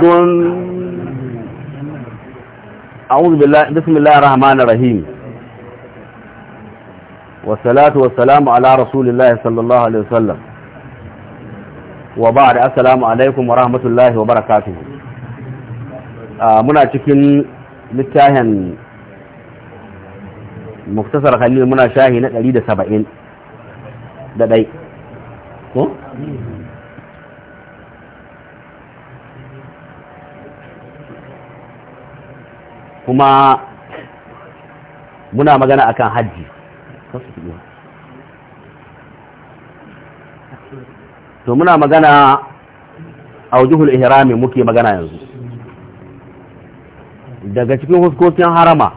don a'udhu billahi bismillahir rahmanir rahim wassalatu wassalamu ala rasulillahi sallallahu alaihi wasallam wa ba'd assalamu alaikum wa rahmatullahi wa barakatuh ah, muna cikin littafin muktasar khalil muna shahi na ɗari da dai ko kuma muna magana akan hajji to muna magana a wujuhul ihrami muke magana yanzu daga cikin huskokin harama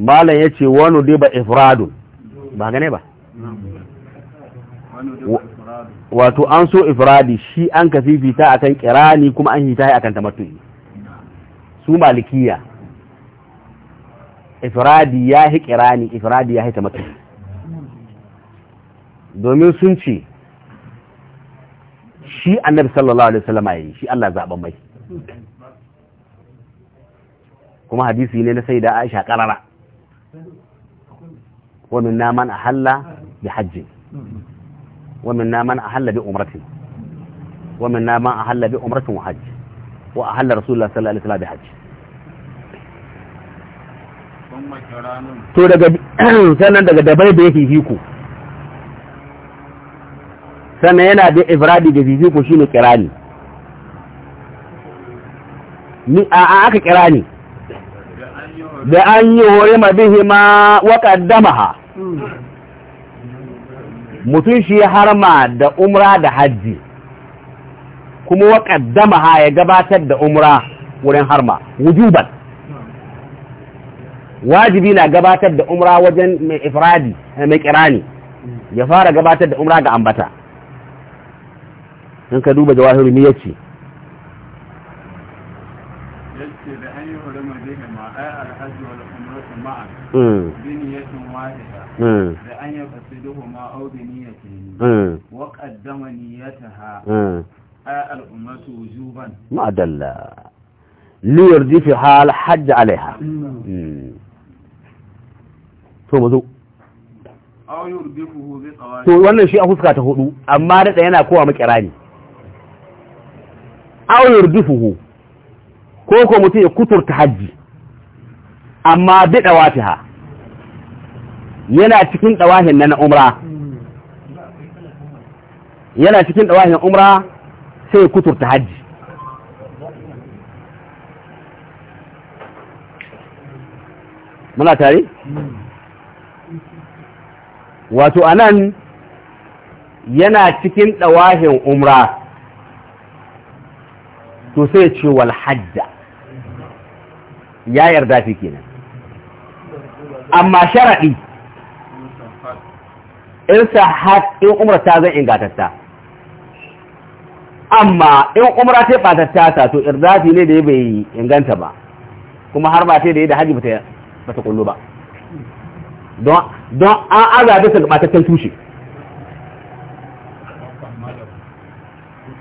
malam ya ce wani diba ifradun ba gane ba wato an so ifradi shi an ka fifita akan kirani kuma an hita akan tamattu'i su malikiya ifradi ya hi kirani ifradi ya hi tamattu'i domin sun ce shi annabi sallallahu alaihi wasallam yayi shi Allah zaben mai kuma hadisi ne na sayyida Aisha karara wa min a ahalla bi hajji ومنا من أحل بأمرة ومنا ما أحل بأمرة وحج وأحل رسول الله صلى الله to daga sannan daga dabai da yake hiku sannan yana da ifradi da hiku shine kirani ni a aka kirani da an yi hore ma bihi ma wa mutum shi ya harma da umra da hajji kuma wa ha ya gabatar da umra wurin harma wujuban wajibi na gabatar da umra wajen mai ifradi eh, mai kirani ya fara gabatar da umra ga ambata in ka duba jawahiru ne yace yace da an yi hurma da ma ai alhaji wal umratu ma'a hmm. hmm. da an yi أحدهما أو بنيتين وقدم نيتها الأمة وجوبا ما دل ليرضي في حال حج عليها ثم ذو to wannan shi a huska ta hudu amma da yana kowa makirani aw yurdifuhu ko ko mutum ya kuturta hajji amma wata ha yana cikin ɗawahin na umra yana cikin ɗawahin umra sai kuturta hajji muna tare? wato anan yana cikin ɗawahin umra to sai ce wal hajja ya yarda fi kenan amma sharaɗi in sahat in umra ta zan ingatatta amma in umra ta fatatta ta to irdafi ne da bai inganta ba kuma har ba ta da yadda da haji ba ta kullu ba don an azabe su gabatattun tushe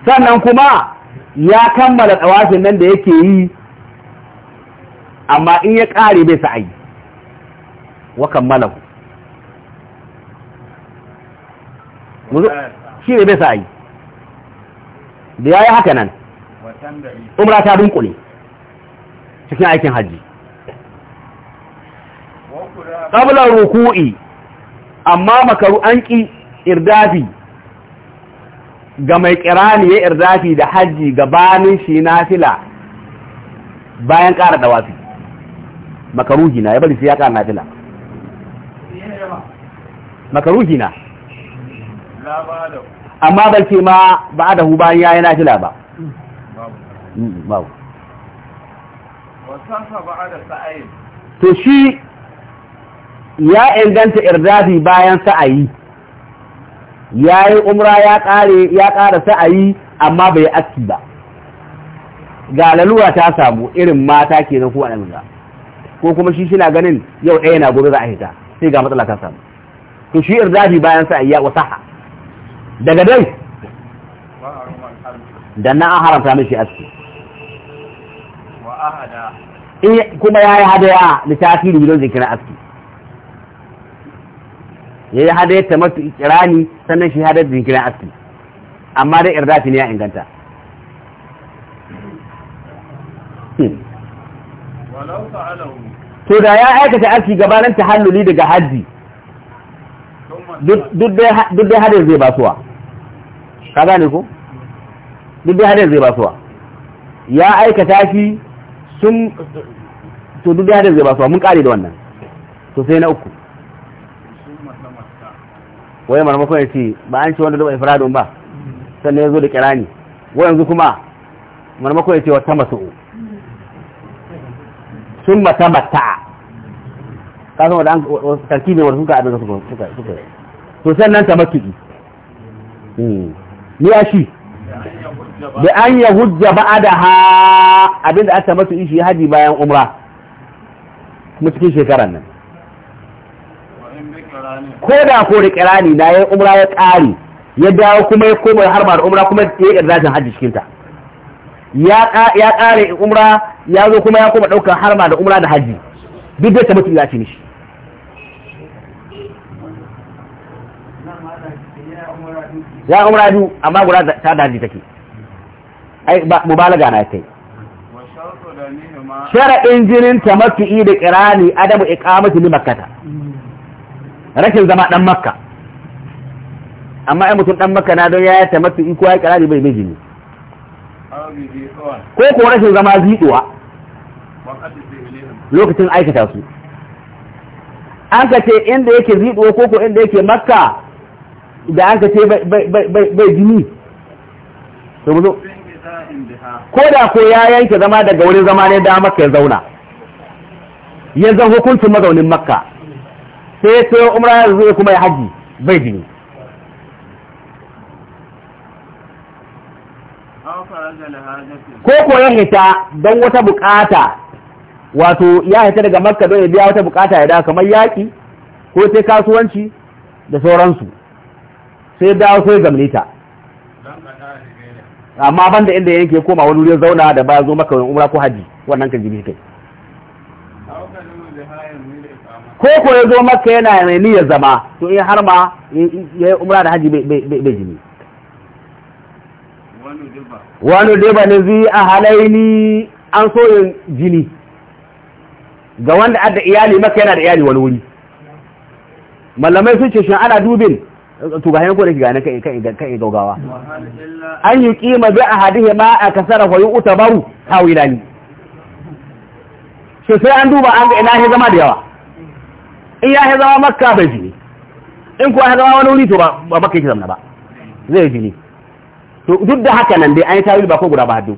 sannan kuma ya kammala tsawafin nan da yake yi amma in ya kare bai sa'ayi wa kammala ku shi ne bai sa yi da ya yi haka nan umra ta dunkule cikin aikin hajji ƙablar ruku'i amma makaru an ƙi irdafi ga mai ƙirani ya irdafi da hajji gabanin shi na fila bayan ƙara dawafi makaruhi na ya bari sai ya ƙara na fila makaruhi na amma bai ce ma ba da hu bayan yayi nafila ba babu mm, to shi ya inganta irdafi bayan sa'ayi yayi umra ya kare ya kara sa'ayi amma bai aski ba ga laluwa ta samu irin mata ke ko a nan ko kuma shi shi na ganin yau ɗaya na gobe za a hita sai ga matsala ta samu to shi irdafi bayan sa'ayi ya wasaha daga dai da na an haramta mishi aski eh, kuma ya yi hadaya da tasiri don zikirin aski ya yi hada ya matu ikirani sannan shi hada da zikirin aski amma dai irdafi ne ya inganta to da ya aikata aski gabanin tahalluli daga hajji duk dai hadin zai basuwa ka gane ko duk da hadin zai ba suwa ya aikata shi sun to duk da hadin zai suwa mun kare da wannan to sai na uku wai marmakon ya ce ba an ce wanda da ifradun ba sannan ya zo da kirani wa yanzu kuma marmakon ya ce wata masu sun mata mata ka san wadda ne wadda suka abin suka suka to sannan ta matuki hmm. ya shi da an ya hujja ba'a da ha abinda aka masu ishi haji bayan umra kuma cikin shekarar nan ko da ko da kirani na yin umra ya kare ya dawo kuma ya koma harba da umra kuma ya yi irzajin hajji cikinta ya kare umra ya zo kuma ya koma ɗaukar ba da umra da hajji duk da ta mutu ya ce mishi ya umra biyu amma guda ta daji take ai mubalaga na kai shara'in jinin tamattu'i da kirani, adamu iqamati li makkata rashin zama dan makka amma ai mutum dan makka na don ya tamattu'i ko ya kirani bai miji ne ko ko rashin zama ziduwa lokacin aikata su an ka ce inda yake ziduwa ko ko inda yake makka da aka ce bai jini to mu zo ko da ko ya yanke zama daga wurin zama ne da maka ya zauna ya zan hukuncin mazaunin makka sai sai umra ya zo kuma ya haji bai jini ko ko ya hita don wata bukata wato ya hita daga makka don ya biya wata bukata ya da kamar yaƙi ko sai kasuwanci da sauransu sai dawo sai gamle ta amma da inda yake koma wani wurin zauna da ba zo maka wani umra ko haji wannan kan jibi kai ko ko ya zo maka yana mai niyyar zama to in har ma ya yi umra da haji bai jini wani deba ne zai a halaini an so yin jini ga wanda adda iyali maka yana da iyali wani wuri malamai sun ce shi ana dubin to ga hanyar ko da gane kan kan gaugawa an yi kima bi ahadihi ma a kasara fa yu'ta baru aw ilani so sai an duba an ga ina ya zama da yawa in ya ya zama makka bai jini in kuwa ya zama wani wuri to ba ba makka yake zama ba zai jini to duk da haka nan dai an yi tawil ba ko guda ba haddu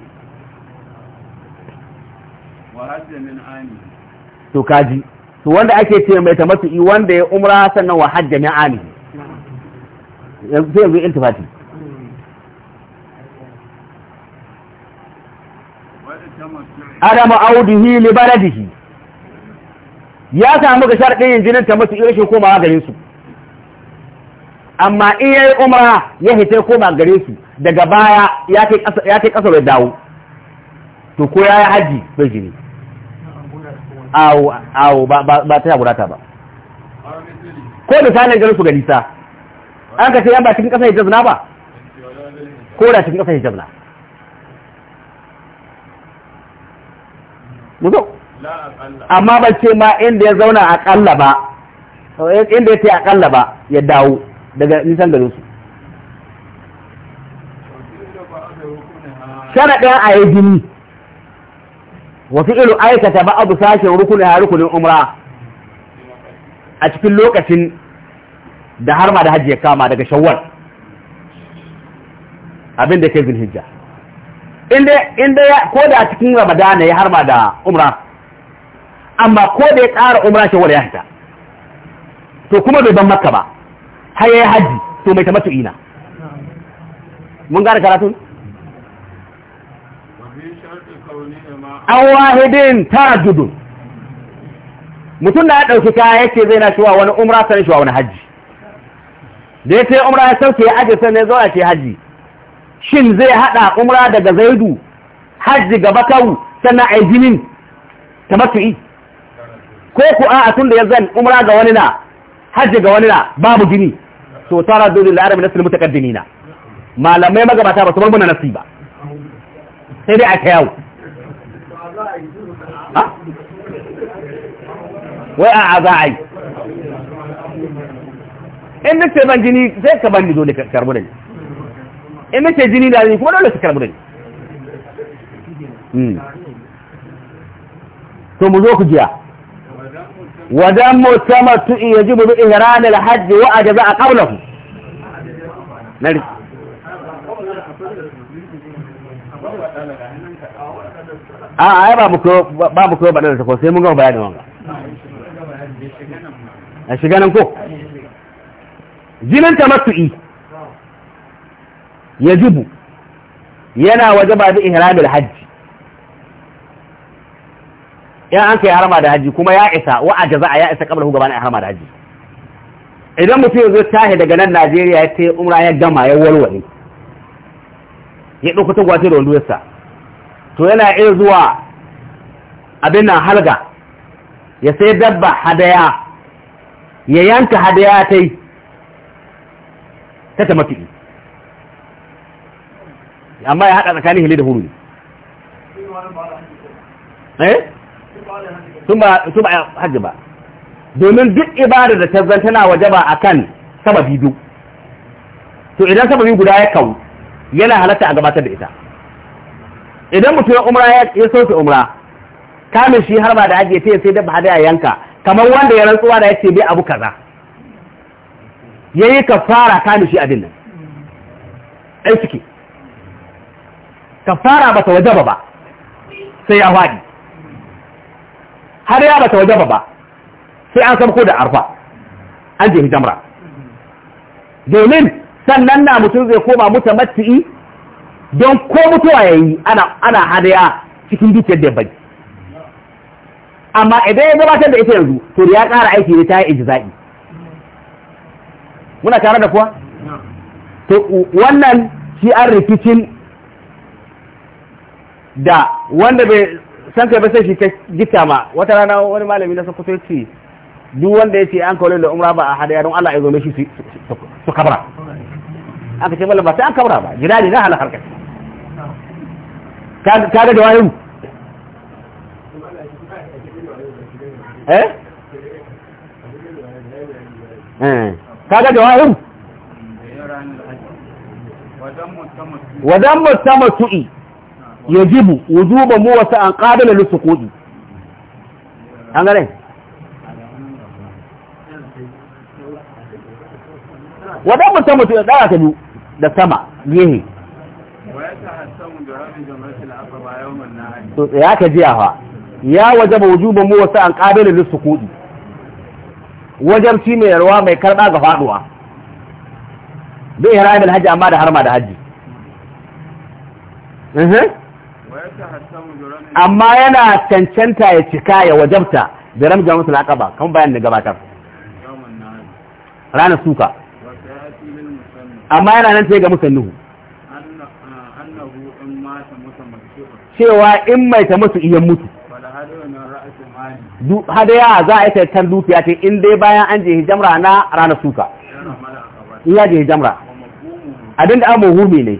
to kaji to wanda ake ce mai tamattu wanda ya umra sannan wa hajja min sai yanzu iltifati adama audihi li baladihi ya samu ga sharɗin jinin ta mutu irin shi komawa gare su amma in yayi umra ya hita koma gare su daga baya ya kai ƙasa ya bai dawo to ko yayi haji bai jini awo awo ba ba ta gurata ba ko da sanin garin su ga nisa an ka ce yan ba cikin ƙasar hijab na ba ko da cikin ƙasar hijab na mu zo amma ban ce ma inda ya zauna a ƙalla ba inda ya ce a ƙalla ba ya dawo daga nisan garin su ɗaya a yi jini wasu ilu aikata ba abu sashen rukunin rukunin umra a cikin lokacin da har ma da hajji ya kama daga shawwal abin da ke hijja? inda ya ko da cikin ramadana ya har ma da umra amma ko da ya ƙara umra shawwal ya hita to kuma bai ban makka ba har ya yi hajji to mai tamattu ina mun gane karatun an wahidin tara gudun mutum da ya ɗauki kaya yake zai na shuwa wani umra sanin shuwa wani hajji da ya ta umra ya sauke ya aje sannan ya a ce hajji shin zai haɗa umra daga zaidu hajji gaba kawu sannan a yi jinin ko ku a tun da ya zan umra ga wani na hajji ga wani na babu jini to tara dole da larabi nasu kaddini na malamai magabata ba su bar muna nasi ba sai dai a ta yawo wai a za a yi in nace ban jini sai ka bani dole ka karbu da ni in nace jini da ni kuma dole ka karbu da ni to mu zo ku jiya wadan mutamatu yajibu bi ihram al-hajj wa ajza qablahu nari a ai ba mu ko ba mu ko ba da ko sai mun ga bayanin wanga a shiga nan ko jinin tamattu'i jibu yana waje ba da ihramil hajji ya an yi harama da hajji kuma ya isa wa a ya isa kabla hugaba na harama da hajji. idan mutum ya zo tahi daga nan Najeriya ya ce umra ya gama ya warware ya ɗauka ta gwace da wanduyarsa to yana iya zuwa abin nan halga ya sai dabba hadaya ya yanka hadaya ta yi ta ta mafi amma ya haɗa tsakanin hili da huru ne eh? sun ba su ba hajji ba domin duk ibada da tazzan tana wajaba akan sababi biyu to idan sababi guda ya kawo yana halatta a gabatar da ita idan mutum ya umra ya soke umra kamin shi har ba da ajiye ta sai dabba hada yanka kamar wanda ya rantsuwa da ce bai abu kaza yi kafara kame shi abin nan ai suke kafara ta wajaba ba sai ya haɗi har ya ba ta wajaba ba sai an samko da arfa an je jamra domin sannan na mutum zai koma matu'i don ko mutuwa ya ana ana hadaya cikin dukiyar da bai amma idan ya gabatar da ita yanzu to ya ƙara aiki ne ta yi ijizai muna tare da kuwa to wannan shi an rikicin da wanda bai san kai ba sai shi ta gita ma wata rana wani malami na sokoto ya ce duk wanda ya ce an kawo da umra ba a hada don Allah ya zo shi su kabra an ka ce mallam ba sai an kabra ba gida ne na hana harkar ka ga da wayo eh eh kaga da wa'in wadan mutamatu'i yajibu wujuba mu wasa an qadala lisukudi an gane wadan mutamatu'i da ta du da sama yehi to ya ka jiya fa ya wajaba wujuba mu wasa an qadala lisukudi wajen ci mai yarwa mai karɓa ga faɗuwa bai ihramin alhaji amma da harma da hajji amma yana cancanta ya cika ya wajabta da ramja musu laƙaba kan bayan da gabatar ranar suka amma yana nan sai ga musannuhu cewa in mai ta musu iyan mutu hadaya za a yi tattar dukiya ce in dai bayan an je hijamra na ranar suka in ya je hijamra abin da amma humi ne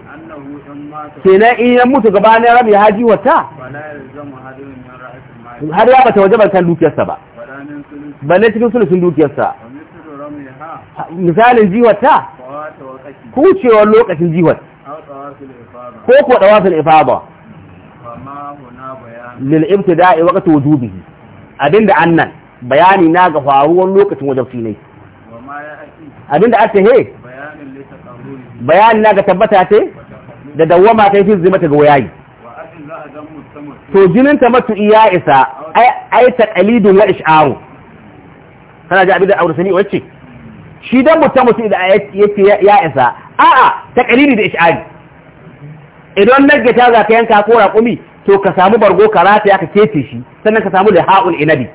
kenan in ya mutu gabanin rabi haji wata har ya bata waje kan dukiyarsa ba balle cikin sulusun dukiyarsa misalin jiwata kucewar lokacin jiwar ko kuwa dawasul ifaba lil ibtida'i waqti wujubihi Abin an annan bayani na ga faruwar lokacin wajen finai da ake he bayani na ga tabbata ce da dawwama ta yi zima ta ga wayayi to jinin ta matu iya isa ai ta kalidu wa isharu kana ji abinda sani wacce shi dan mutum mutum da yake ya isa a'a ta kalidu da ishari idan nage ta za ka yanka ko raƙumi to ka samu bargo ka ya ka kece shi sannan ka samu liha'ul inabi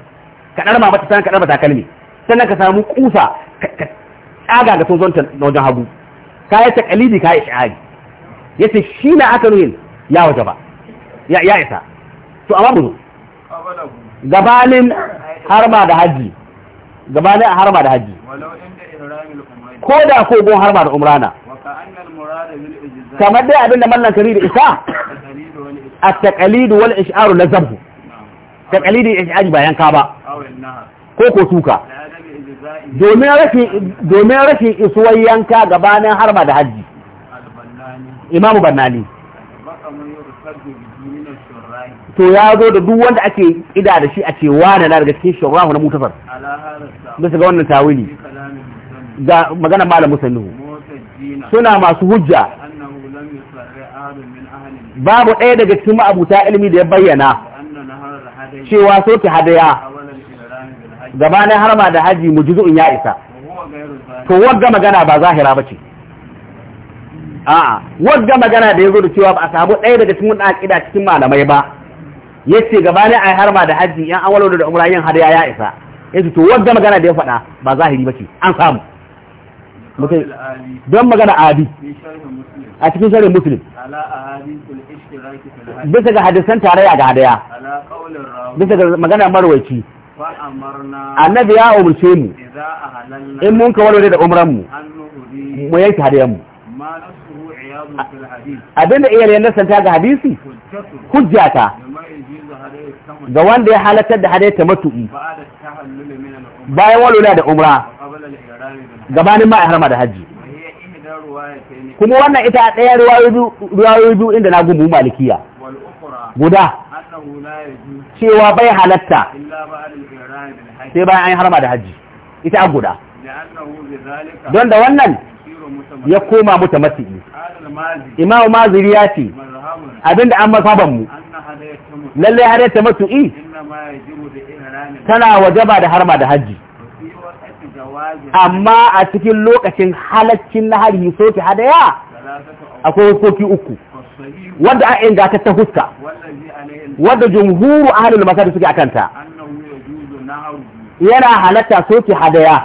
ka darma mata sannan ka darma takalmi sannan ka samu kusa ka tsaga ga tozon ta wajen hagu ka yi takalidi ka yi shi'ari ya ce shi na aka nuhin ya waje ba ya isa to amma mu gabanin harma da hajji gabanin harma da hajji ko da ko gon harma da umrana kamar dai abinda mallan kari da isa at-taqlid wal ish'ar la zabhu taqlid ish'ar bayan ka ba ko ko tuka domin rashin domin rashin isuwar yanka gabanin harba da haji imamu bannani to ya zo da duk wanda ake ida da shi a ce wane na daga cikin shawarahu na mutafar bisa ga wannan tawili ga magana malam musannihu suna masu hujja babu ɗaya daga cikin ma'abuta ilimi da ya bayyana cewa soke hadaya gabanin harma da haji mu mujizu'in ya isa to wagga magana ba zahira ba ce a wagga magana da ya zo da cewa ba a samu ɗaya daga cikin wani aƙida cikin malamai ba ya gaba gabanin ai harma da haji yan an walwala da umra yin hadaya ya isa Yanzu to wagga magana da ya faɗa ba zahiri ba ce an samu don magana abi a cikin shari'in muslim bisa ga hadisan tarayya ga hadaya bisa ga magana marwaci annabi ya umarce mu in mun ka da umranmu mu yanke hadayanmu abinda iyalin ta ga hadisi hujjata ga wanda ya halatar da hadayar ta matu'i bayan walula da umra gabanin ma a harma da hajji kuma wannan ita ɗaya ruwayoyi biyu inda na gumu malikiya guda cewa bai halatta sai bayan an harma da hajji ita a guda don da wannan ya koma mutu mati'i imamu maziri ya ce abinda an mu lallai har yadda matu'i tana wajaba da harma da hajji amma a cikin lokacin halaccin na hari soke hadaya akwai hukoki uku yin an ta huska wanda jumhuru halin masar suke akanta yana halatta soke hadaya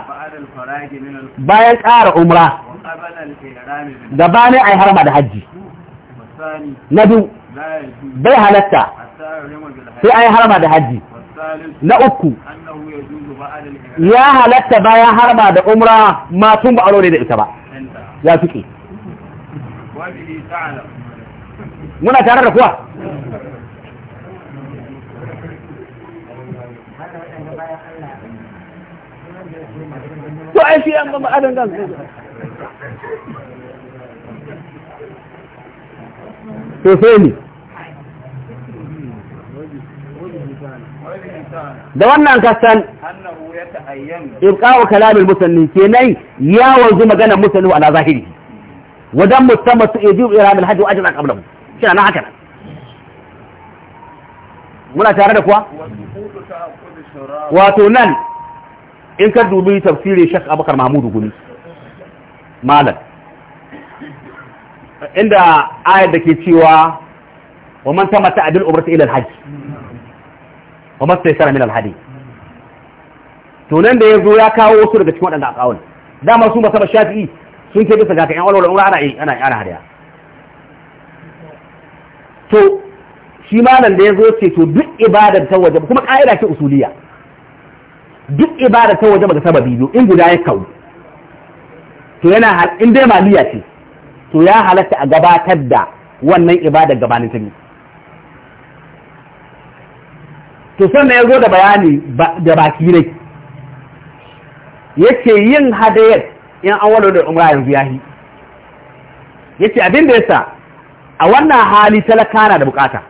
bayan ƙara umra gabanin a yi da hajji na biyu bai halatta sai a yi harma da hajji na uku ya halatta bayan harba da umra ma tun ba aure da ita ba ya tuke muna tare da kuwa to ai shi an gama adan gan to sai ni da wannan kasan ibqa'u kalamil musanni kenan ya wanzu magana musanni ala zahiri wadan mustammatu yajibu iram al hajj wa ajran qablahu shi na haka muna tare da kuwa wato nan in ka dubi tafsiri shek abakar mahmudu gumi malam inda ayar da ke cewa wa man tamata adil umrata ila al hajj wa mastaysara min al hadith to nan da ya zo ya kawo su daga cikin waɗanda akawun dama su masaba shafi'i sun ce bisa ga kan walwala umra ana ana ana hariya to shi malam da ya zo ce to duk ibadar ta waje kuma ka'ida ce usuliya duk ibadar ta waje ba sababi biyu in guda ya kawo to yana in dai maliya ce to ya halatta a gabatar da wannan ibadar gabanin ta biyu to sannan ya zo da bayani da baki rai yake yin hadayar in an wado da umra yanzu ya yi yake abin da yasa a wannan hali talaka na da bukata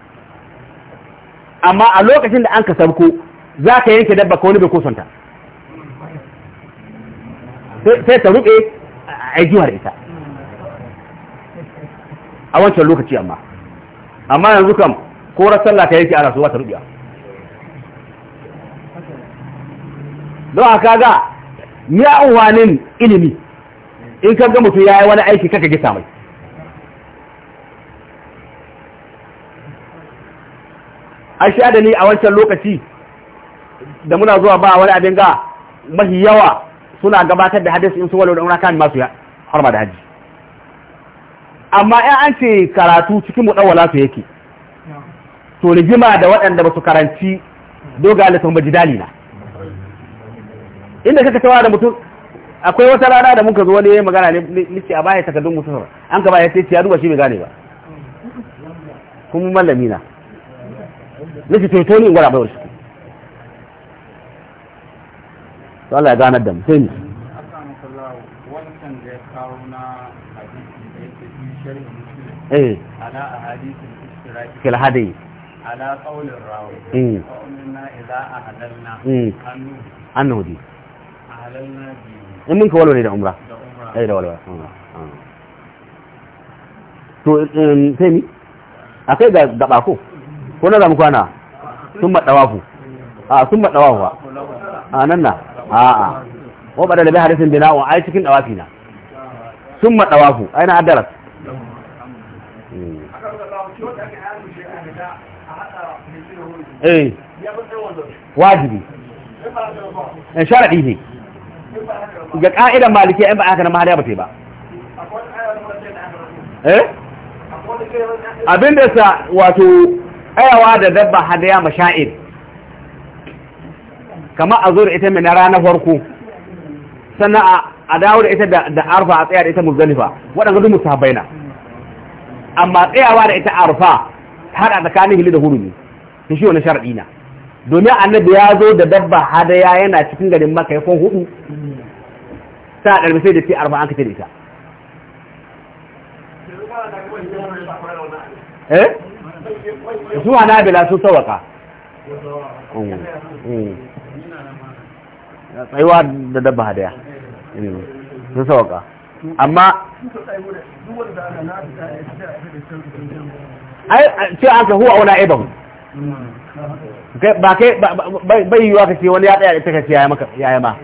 amma a lokacin da an ka sabko za ka yanke dabba ko wani bai kusanta sai ta ruɓe a jihar ita a wancan lokaci amma amma yanzu kam korar sallah ka yanke ana su wata ruɓiya don haka ga ya anwanin ilimi in ka ga mutum ya yi wani aiki kaka gisa mai an sha da ni a wancan lokaci da muna zuwa ba wani abin ga mahi yawa suna gabatar da hadis in su walau da kan masu ya harma da haji amma in an ce karatu cikin mudawwala su yake to rigima da waɗanda ba su karanci dogaye sun bajidali na inda kaka tawa da mutum akwai wata rana da muka zo wani yayin magana ne nace a baya takardun mutum an ka baya sai ya duba shi bai gane ba kuma mallami na nace to to ni gura bai wuce to Allah ya gane da mu sai ni eh ala ahadithul istiraki fil in ninka ka walwale da umra ai da walwale ah, ah. to um, sai ni akai ga gaba ko ko na zamu kwana sun ku a ah, sun madawafu a nan na a a ko bada da bai bina wa ai cikin dawafi na sun madawafu ai na adaras eh. eh wajibi eh, sharaɗi ne ga ka'idan malikiya in ba haka na mahariya ba ta yi ba eh abinda sa wato ayawa da dabba hadaya masha'ir kama a zo da ita mai na ranar farko sannan a dawo da ita da arfa a tsaya da ita muzdalifa waɗanda zuwa musu haɓaina, amma tsayawa da ita arfa haɗa tsakanin hili da ne, ta shi wani sharaɗi na domin annabi ya zo da dabba hadaya yana cikin garin maka ya kwan hudu sa ɗarbi sai da ce arba an kace da ita eh su ana bila su sawaka mm. mm. tsayuwa da dabba hadaya mm. su sawaka amma ai ce ka huwa wani aiban ba kai bai yiwuwa ka ce wani ya tsaya ita ka ce ya yi ma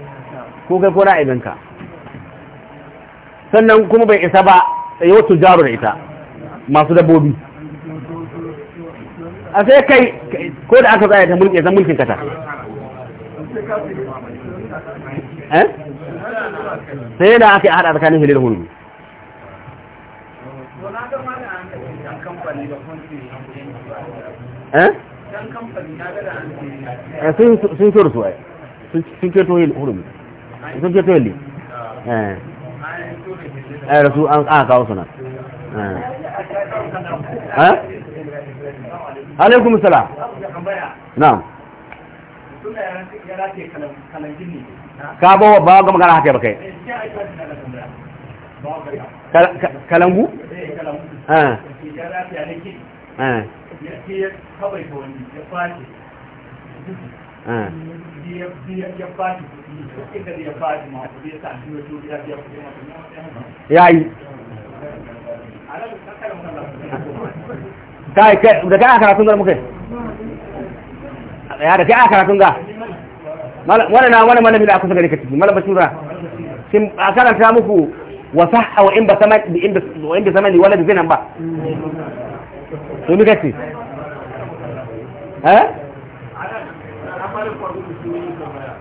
ko kai ko na aibinka sannan kuma bai isa ba sai wato jaru da ita masu dabbobi a sai kai ko da aka tsaya ta mulki zan mulkin kata sai da aka yi hada tsakanin hilir hulun eh? eh, sun sun kyautu sun kyautu hulmi sun Eh, ai su an aka kawo suna eh. eh alaikum salam na'am kaba ba ba ga magana haka ba kai kalangu eh eh, eh. ya ba da kai aka karatun da muka ya da kai aka karatun da wani na wani malami da aka gari ka ciki malam basura shin a muku wa sahha wa in ba sama inda wa zinan ba to muka ce eh